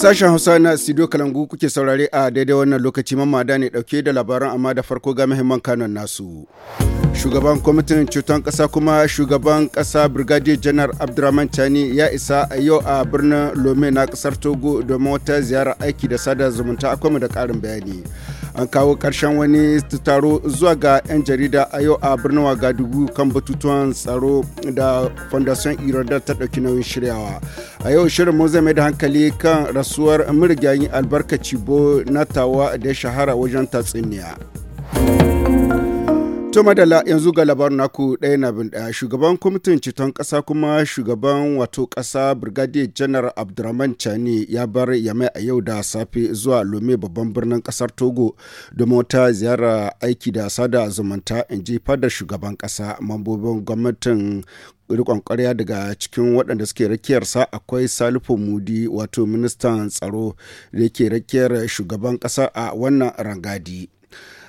Sashen Hausa na Studio Kalangu kuke saurare a daidai wannan lokaci mamada ne dauke da labaran amma da farko ga muhimman kanon nasu. Shugaban kwamitin ceton kasa kuma shugaban ƙasa Brigadier Janar Abdurrahman Chani ya isa a yau a birnin Lome na kasar Togo domin wata ziyarar aiki da sada zumunta akwai mu da karin bayani. an kawo karshen wani taro zuwa ga 'yan jarida a yau a birnin wagadugu kan batutuwan tsaro da fondation irada ta ɗauki nauyin shiryawa a yau shirin mu zai mai da hankali kan rasuwar murgayin albarkaci bo na tawa da shahara wajen tatsuniya. To madala yanzu ga labarin naku ɗaya na bin ɗaya shugaban kwamitin ceton ƙasa kuma shugaban wato ƙasa Brigadier Janar abdulrahman Chani ya bar Yamai a yau da safe zuwa Lome babban birnin ƙasar Togo domin wata ziyara aiki da sada zumunta in ji fadar shugaban ƙasa mambobin gwamnatin rikon kwarya daga cikin waɗanda suke rakiyarsa akwai salifu mudi wato ministan tsaro da yake rakiyar shugaban ƙasa a wannan rangadi.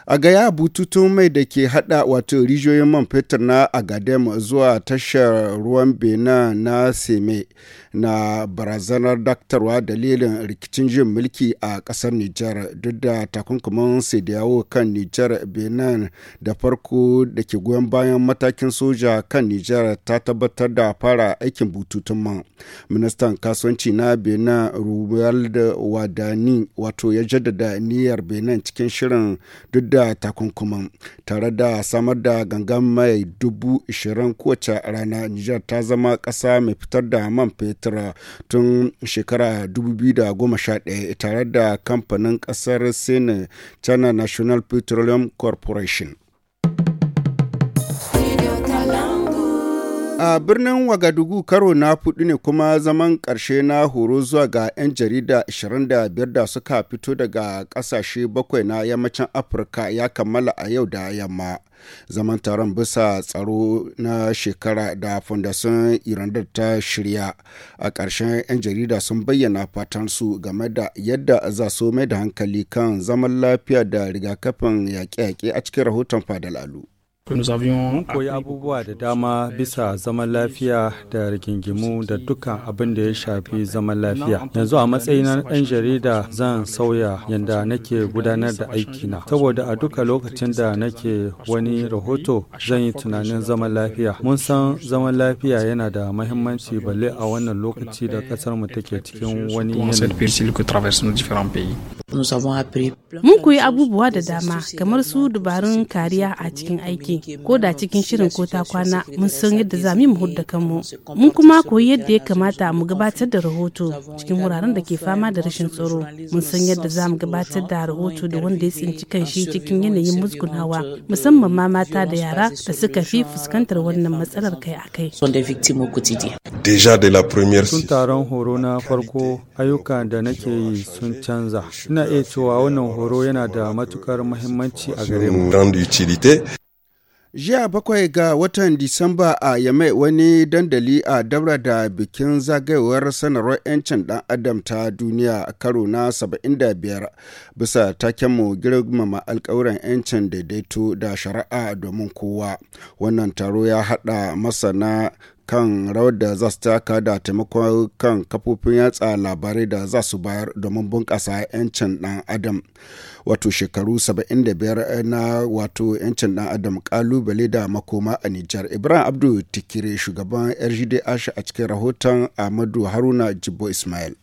a gaya bututun mai da ke hada wato rijiyoyin man fetur na agadem zuwa tashar ruwan benin na seme na barazanar daktarwa dalilin rikicin jin mulki a kasar Nijar duk da takunkumin yawo kan Nijar Benin da farko da ke goyon bayan matakin soja kan Nijar ta tabbatar da fara aikin bututun man. Ministan kasuwanci na Benin Ruwald Wadani wato ya jaddada niyyar Benin cikin shirin duk da takunkumin tare da samar da gangan mai dubu ishirin kowace rana Nijar ta zama ƙasa mai fitar da man fetur sutura tun shekara 2011 tare da kamfanin kasar sin china national petroleum corporation A birnin Wagadugu karo na fudu ne kuma zaman karshe na horo zuwa ga 'yan jarida 25 da suka fito daga kasashe bakwai na yammacin Afirka ya kammala a yau da yamma. Zaman taron bisa tsaro na shekara da fundasun Irandar ta shirya. A ƙarshen 'yan jarida sun bayyana fatan su game da yadda za su mai da hankali kan zaman lafiya da rigakafin yaƙe-yaƙe a cikin rahoton fadalalu. Mun koyi abubuwa da dama bisa zaman lafiya da rigingimu da dukkan abin da ya shafi zaman lafiya. Yanzu a matsayin ɗan jarida zan sauya yadda nake gudanar da aikina. Saboda a duka lokacin da nake wani rahoto zan yi tunanin zaman lafiya. Mun san zaman lafiya yana da mahimmanci balle a wannan lokaci da ƙasar mu take cikin wani yanayi. Mun koyi abubuwa da dama kamar su dubarun kariya a cikin aiki. ko da cikin shirin ko ta kwana mun san yadda za mu da kanmu mun kuma koyi yadda ya kamata mu gabatar da rahoto cikin wuraren da ke fama da rashin tsaro mun san yadda za mu gabatar da rahoto da wanda ya tsinci kanshi cikin yanayin musgunawa musamman ma mata da yara da suka fi fuskantar wannan matsalar kai a kai sun taron horo na farko ayyuka da nake yi sun canza ina iya cewa wannan horo yana da matukar muhimmanci a gare mu Jiya bakwai ga watan Disamba a Yamai wani dandali a daura da bikin zagayowar sanarwar 'yancin ɗan adam ta duniya a karo na 75 bisa takenmu girmama alkawuran 'yancin daidaito da shari'a domin kowa. Wannan taro ya haɗa masana kan rawar da za su taka da taimakon kan kafofin yatsa labarai da za su bayar domin bunƙasa 'yancin ɗan adam wato shekaru 75 na wato 'yancin ɗan adam kalubale da makoma a nijar ibrahim abdul tikire shugaban asha a cikin rahoton amadu haruna jibo ismail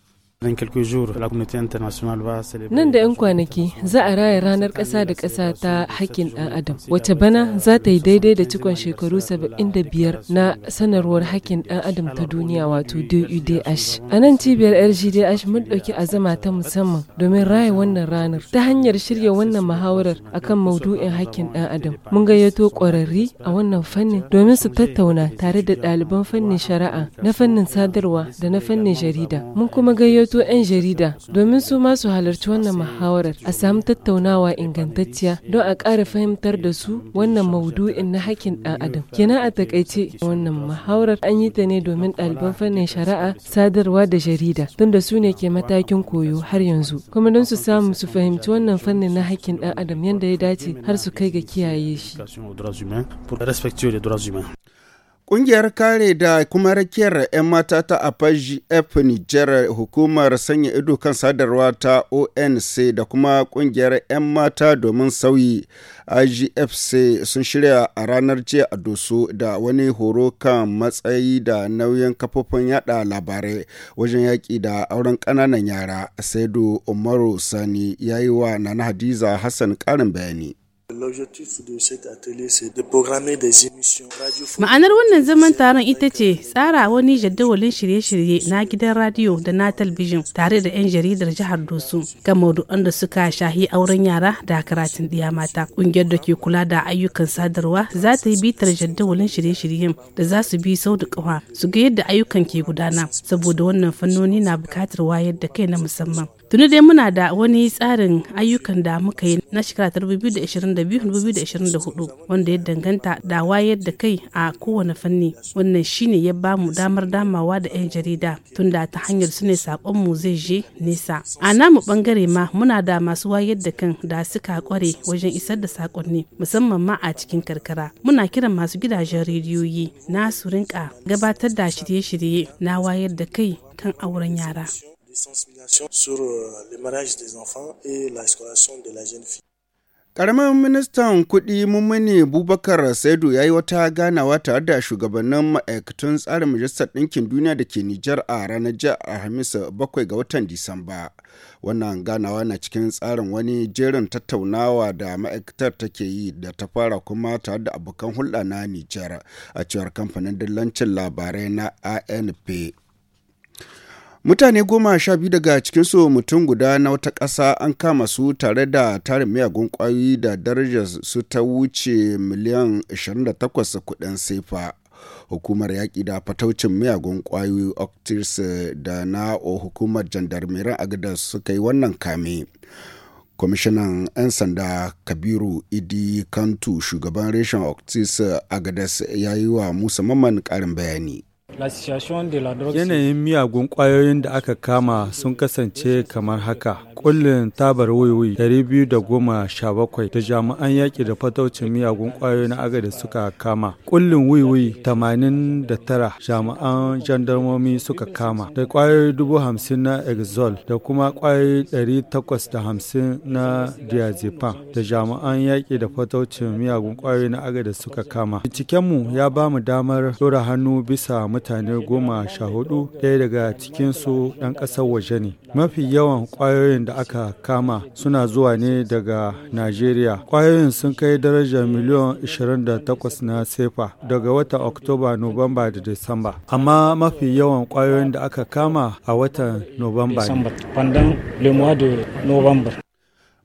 Nan da 'yan kwanaki za a raya ranar ƙasa da ƙasa ta haƙƙin ɗan adam wacce bana za ta yi daidai da cikon shekaru 75 na sanarwar haƙƙin ɗan adam ta duniya wato DUDH. A nan cibiyar LGDH mun ɗauki azama ta musamman domin raya wannan ranar ta hanyar shirya wannan muhawarar kan maudu'in haƙƙin ɗan adam. Mun gayyato ƙwararri a wannan fannin domin su tattauna tare da ɗaliban fannin shari'a na fannin sadarwa da na fannin jarida. Mun kuma gayyato gayyato 'yan jarida domin su ma su halarci wannan muhawarar a samu tattaunawa ingantacciya don a ƙara fahimtar da su wannan maudu'in na hakkin ɗan adam. Kenan a takaice wannan muhawarar an yi ta ne domin ɗaliban fannin shari'a sadarwa da jarida tunda su ne ke matakin koyo har yanzu kuma don su samu su fahimci wannan fannin na hakkin ɗan adam yadda ya dace har su kai ga kiyaye shi. Ƙungiyar kare da kuma rakiyar 'yan mata ta Apaji F Nijar hukumar sanya ido kan sadarwa ta ONC da kuma ƙungiyar 'yan mata domin sauyi IGFC sun shirya a ranar jiya a Doso da wani horo kan matsayi da nauyin kafofin yada labarai wajen yaƙi da auren ƙananan yara. Saidu Umaru Sani ya yi wa Nana Hadiza Hassan ƙarin bayani. Ma'anar wannan zaman taron ita ce tsara wani jadawalin shirye-shirye na gidan radio da na talbijin tare da 'yan jaridar jihar Dosu kan maudu'an da suka shahi auren yara da karatun ɗiya mata. Ƙungiyar da ke kula da ayyukan sadarwa za ta yi bitar jadawalin shirye-shiryen da za su bi sau da ƙawa su ga yadda ayyukan ke gudana saboda wannan fannoni na buƙatar wayar da kai na musamman. tuni dai muna da wani tsarin ayyukan da muka yi na shekara 2022-2024 wanda ya danganta da wayar da kai a kowane fanni wannan shine ya ba mu damar damawa da 'yan jarida tunda ta hanyar su ne mu zai je nesa a namu bangare ma muna da masu wayar da kan da suka kware wajen isar da sakonni musamman ma a cikin karkara muna kiran masu gidajen rediyoyi na su rinka gabatar da shirye-shirye na wayar da kai kan auren yara sensibilisation sur euh, le mariage des enfants et la scolarisation de la jeune fille. Karamin ministan kuɗi mummuni Bubakar Saidu ya yi wata ganawa tare da shugabannin ma'aikatan tsarin Majalisar Ɗinkin Duniya da ke Nijar a ranar jiya Alhamis bakwai ga watan Disamba. Wannan ganawa na cikin tsarin wani jerin tattaunawa da ma'aikatar take yi da ta fara kuma tare da abokan hulɗa na Nijar a cewar kamfanin dillancin labarai na ANP. mutane goma sha biyu daga cikinsu mutum guda na wata ƙasa an kama su tare da tarin miyagun ƙwayoyi da darajar su ta wuce miliyan 28 kuɗin sefa hukumar yaƙi da fataucin miyagun ƙwayoyi octis da na hukumar jandarmeran agada suka yi wannan kame kwamishinan 'yan sanda kabiru idi kantu shugaban reshen octis agadas ya yi wa musa mamman ƙarin bayani Yanayin miyagun ƙwayoyin da aka kama sun kasance kamar haka. Kullin tabar wuyi 217 da jami'an yaƙi da fataucin miyagun ƙwayoyi na da suka kama. Kullin wuyi 89 jami'an jandarmomi suka kama. Da ƙwayoyi 50,000 na Exol da kuma ƙwayoyi 850 na Diazepam da jami'an yaƙi da fataucin miyagun ƙwayoyi na da suka kama. Bincikenmu ya ba mu damar ɗora hannu bisa mutane mutane goma sha hudu ɗaya daga cikinsu ɗan ƙasar waje ne mafi yawan ƙwayoyin da aka kama suna zuwa ne daga najeriya ƙwayoyin sun kai daraja miliyan 28 na sefa daga watan oktoba nobamba da disamba amma mafi yawan ƙwayoyin da aka kama a watan nobamba ne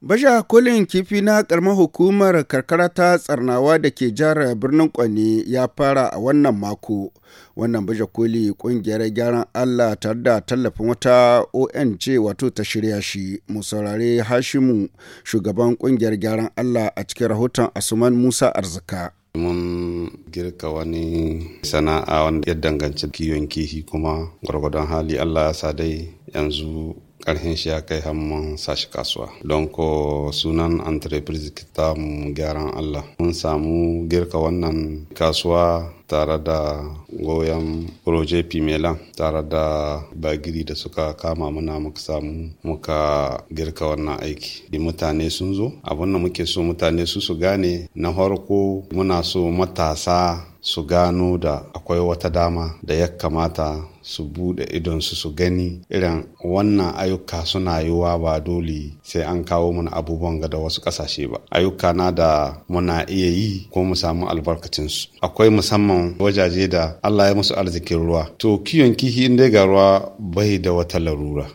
Basha kolin kifi na karamar hukumar karkara ta tsarnawa da ke jihar birnin Kwane ya fara a wannan mako. Wannan basha koli kungiyar gyaran Allah tare da tallafin wata ONG wato ta shirya shi. Mu saurari Hashimu shugaban kungiyar gyaran Allah a cikin rahoton Asuman Musa Arzika. mun girka wani sana'a wanda ya danganci kiwon kihi kuma gwargwadon hali allah ya sa dai yanzu karhin shi ya kai hannun sashi kasuwa don ko sunan entreprise ta mu gyaran allah mun samu girka wannan kasuwa tare da goyon proje pimela tare da bagiri da suka kama muna muka samu muka girka wannan aiki da mutane sun zo abinda muke so mutane su su gane na farko muna so matasa su gano da akwai wata dama da ya kamata su buɗe idonsu su gani irin wannan ayyuka suna yiwa ba dole sai an kawo mana abubuwan ga da wasu ƙasashe ba ayyuka na da muna iya yi ko mu samu albarkacinsu akwai musamman wajaje da allah ya musu arzikin ruwa to kiyon kihi in ga ruwa bai da wata larura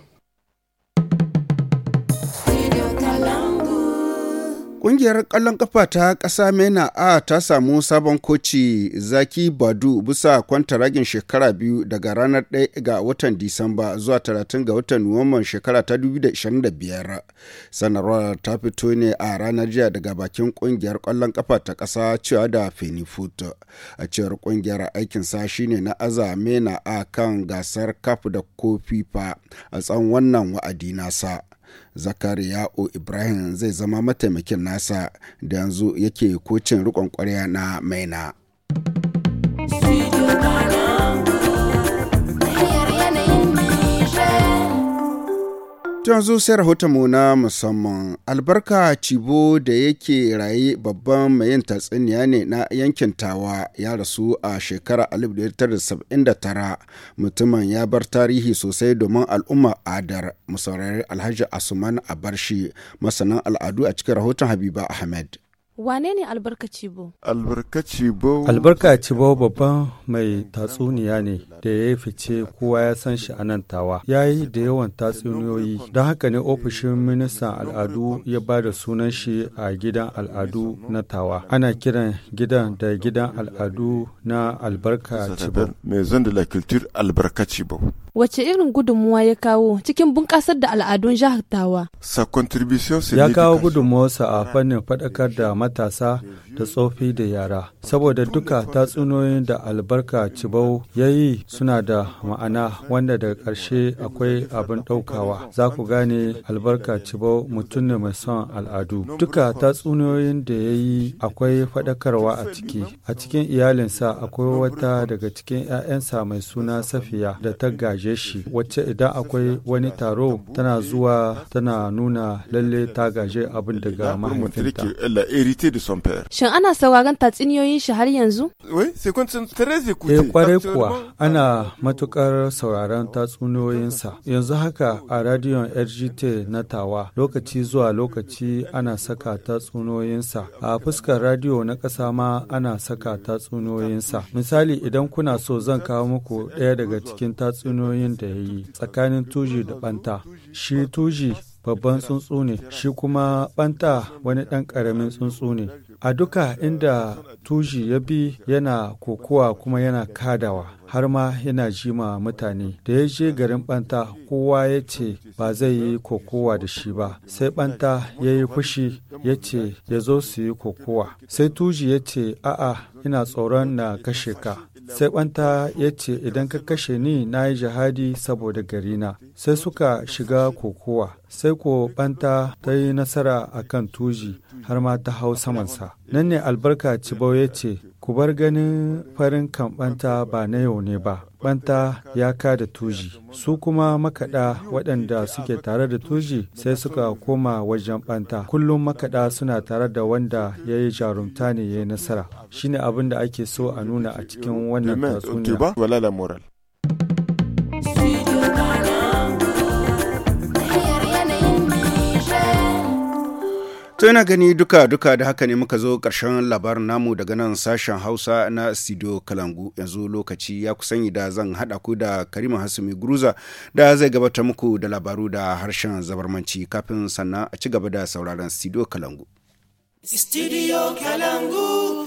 Ƙungiyar kwallon ƙafa ta ƙasa MENA A ta samu sabon koci Zaki Badu bisa kwantaragin shekara biyu daga ranar 1 ga watan Disamba zuwa 30 ga watan Nuwamban shekara ta 2025. Sanarwar ta fito ne a ranar jiya daga bakin ƙungiyar ƙwallon ƙafa ta ƙasa cewa da Fenifut. A cewar ƙungiyar aikin sa shine na aza MENA A kan gasar kaf da kofifa a tsawon wannan wa'adi nasa. zakari zakariya'u ibrahim zai zama mataimakin nasa da yanzu yake kocin riƙon ƙwarya na maina. yanzu sai mu na musamman albarka cibo da yake raye babban mai yin tatsuniya ne na yankin tawa ya rasu a shekara 1979 mutumin ya bar tarihi sosai domin al'umma adar musaurari alhaji asuman abarshi masanan al'adu a cikin rahoton habiba ahmed Wane ne albarka Cibo? Albarka Cibo Albarka Cibo babban mai tatsuniya ne da ya fice kowa ya san shi a nan tawa. Ya yi da yawan tatsuniyoyi, don haka ne ofishin ministan al'adu ya ba da sunan shi a gidan al'adu na tawa. Ana kiran gidan da gidan al'adu na Albarka Cibo. zan da la culture Albarka Cibo. wace irin gudunmuwa ya kawo cikin bunƙasar da al'adun jihar tawa ya kawo gudunmuwarsa a fannin faɗakar da matasa da tsofi da yara saboda duka tatsuniyoyin da albarka cibau ya yi suna da ma'ana wanda daga ƙarshe akwai abin ɗaukawa za ku gane albarka cibau mutum ne mai son al'adu duka tatsuniyoyin da ya yi akwai faɗakarwa a ciki a cikin iyalinsa akwai wata daga cikin 'ya'yansa mai suna safiya da ta gaje je shi wacce idan akwai wani taro tana zuwa tana nuna lalle ta gaje abin daga mahaifinta. Shin ana sauraron tatsiniyoyin shi har yanzu? Eh kwarai kuwa ana matukar sauraron tatsuniyoyinsa. Yanzu haka a radiyon RGT na Tawa lokaci zuwa lokaci ana saka tatsuniyoyinsa. A fuskar radiyo na kasa ma ana saka tatsuniyoyinsa. Misali idan kuna so zan kawo muku ɗaya daga cikin tatsuniyoyin hanyoyin da ya yi tsakanin tuji da ɓanta shi tuji babban tsuntsu ne shi kuma ɓanta wani ɗan ƙaramin tsuntsu ne a duka inda tuji ya bi yana kokowa kuma yana kadawa har ma yana jima mutane da ya je garin ɓanta kowa ya ce ba zai yi kokowa da shi ba sai ɓanta ya yi fushi ya ce ya zo su yi kokowa sai tuji ya ce a'a ina tsoron na kashe ka sai ɓanta ya ce idan ka kashe ni na yi jihadi saboda garina sai suka shiga kokowa sai ko banta ta yi nasara a kan tuji har ma ta hau samansa nan ne albarka cibau ya ce ku bar ganin farin kan banta ba na yau ne ba banta ya ka da tuji su kuma makaɗa waɗanda suke tare da tuji sai suka koma wajen banta kullum makaɗa suna tare da wanda ya yi jarumta ne ya yi nasara shine abin da ake so a nuna a cikin wannan tatsuniya To yana gani duka-duka da haka ne muka zo ƙarshen labarin namu daga nan sashen Hausa na Studio Kalangu yanzu lokaci ya kusan da zan haɗa ku da Karima Hasumi Guruza da zai gabata muku da labaru da harshen zabarmanci kafin sannan a ci gaba da sauraron Studio Kalangu. Studio Kalangu.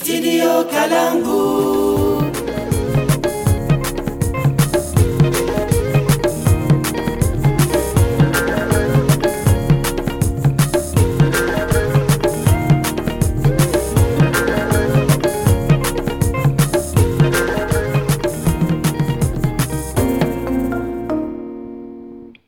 studio kalangu